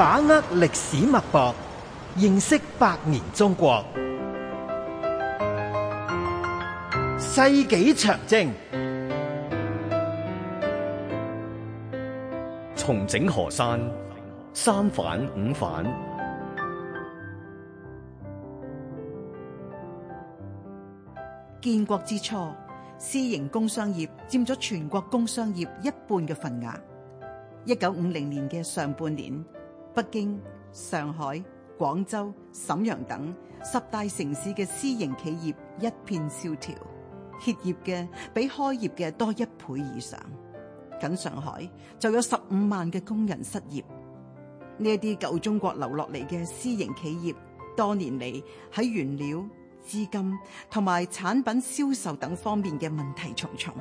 把握歷史脈搏，認識百年中國。世紀長征，重整河山。三反五反。建國之初，私營工商業佔咗全國工商業一半嘅份額。一九五零年嘅上半年，北京、上海、廣州、瀋陽等十大城市嘅私營企業一片蕭條，歇業嘅比開業嘅多一倍以上。僅上海就有十五萬嘅工人失業。呢一啲舊中國留落嚟嘅私營企業，多年嚟喺原料、資金同埋產品銷售等方面嘅問題重重。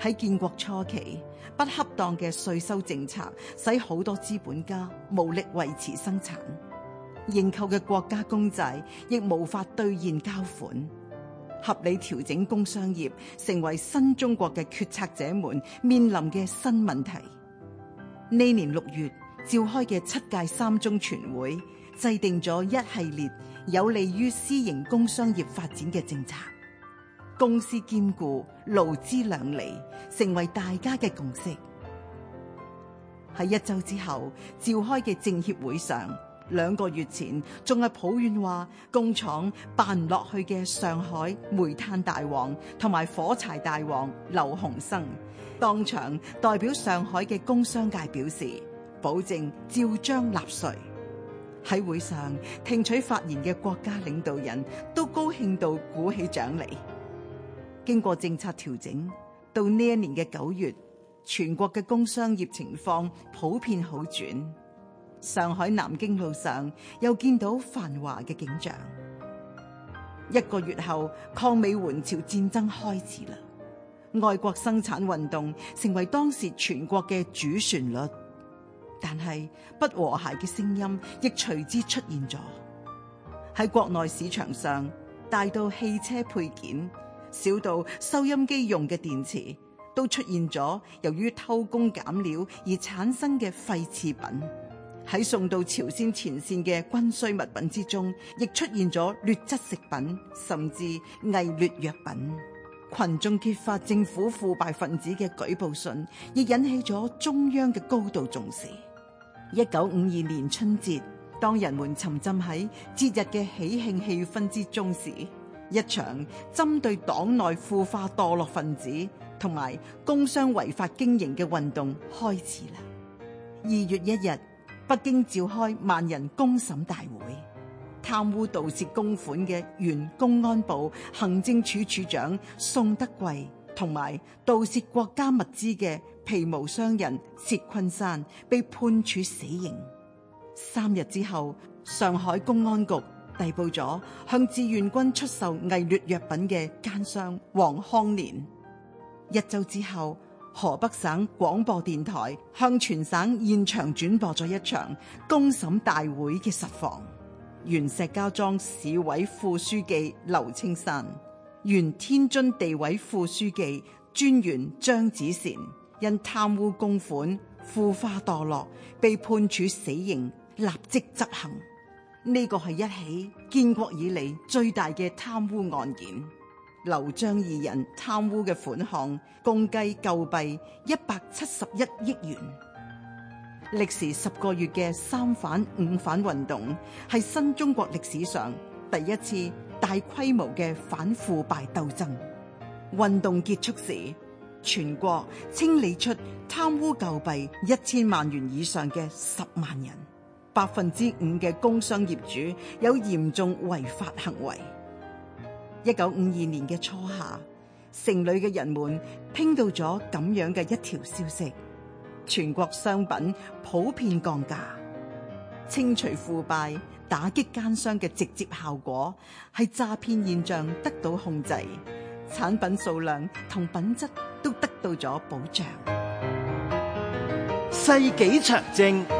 喺建國初期，不恰當嘅稅收政策使好多資本家無力維持生產，認購嘅國家公債亦無法兌現交款。合理調整工商業，成為新中國嘅決策者們面臨嘅新問題。呢年六月召開嘅七屆三中全會，制定咗一系列有利於私營工商業發展嘅政策。公私兼顧，勞資兩利，成為大家嘅共識。喺一周之後召開嘅政協會上，兩個月前仲係抱怨話工廠辦唔落去嘅上海煤炭大王同埋火柴大王劉鴻生，當場代表上海嘅工商界表示保證照章納稅。喺會上聽取發言嘅國家領導人都高興到鼓起掌嚟。經過政策調整，到呢一年嘅九月，全國嘅工商業情況普遍好轉。上海南京路上又見到繁華嘅景象。一個月後，抗美援朝戰爭開始啦，愛國生產運動成為當時全國嘅主旋律。但係不和諧嘅聲音亦隨之出現咗。喺國內市場上，大到汽車配件。小到收音機用嘅電池，都出現咗由於偷工減料而產生嘅廢次品；喺送到朝鮮前線嘅軍需物品之中，亦出現咗劣質食品，甚至偽劣藥品。群眾揭發政府腐敗分子嘅舉報信，亦引起咗中央嘅高度重視。一九五二年春節，當人們沉浸喺節日嘅喜慶氣氛之中時，一場針對黨內腐化墮落分子同埋工商違法經營嘅運動開始了。二月一日，北京召開萬人公審大會，貪污盜竊公款嘅原公安部行政處處長宋德貴，同埋盜竊國家物資嘅皮毛商人薛昆山，被判處死刑。三日之後，上海公安局。逮捕咗向志願軍出售偽劣藥品嘅奸商王康年。一周之後，河北省廣播電台向全省現場轉播咗一場公審大會嘅實況。原石家莊市委副書記劉青山，原天津地委副書記專員張子善，因貪污公款、腐化墮落，被判處死刑，立即執行。呢個係一起建國以來最大嘅貪污案件，劉張二人貪污嘅款項，共計舊幣一百七十一億元。歷時十個月嘅三反五反運動，係新中國歷史上第一次大規模嘅反腐敗鬥爭。運動結束時，全國清理出貪污舊幣一千萬元以上嘅十萬人。百分之五嘅工商業主有嚴重違法行為。一九五二年嘅初夏，城裏嘅人們聽到咗咁樣嘅一條消息：全國商品普遍降價，清除腐敗、打擊奸商嘅直接效果，係詐騙現象得到控制，產品數量同品質都得到咗保障。世紀長征。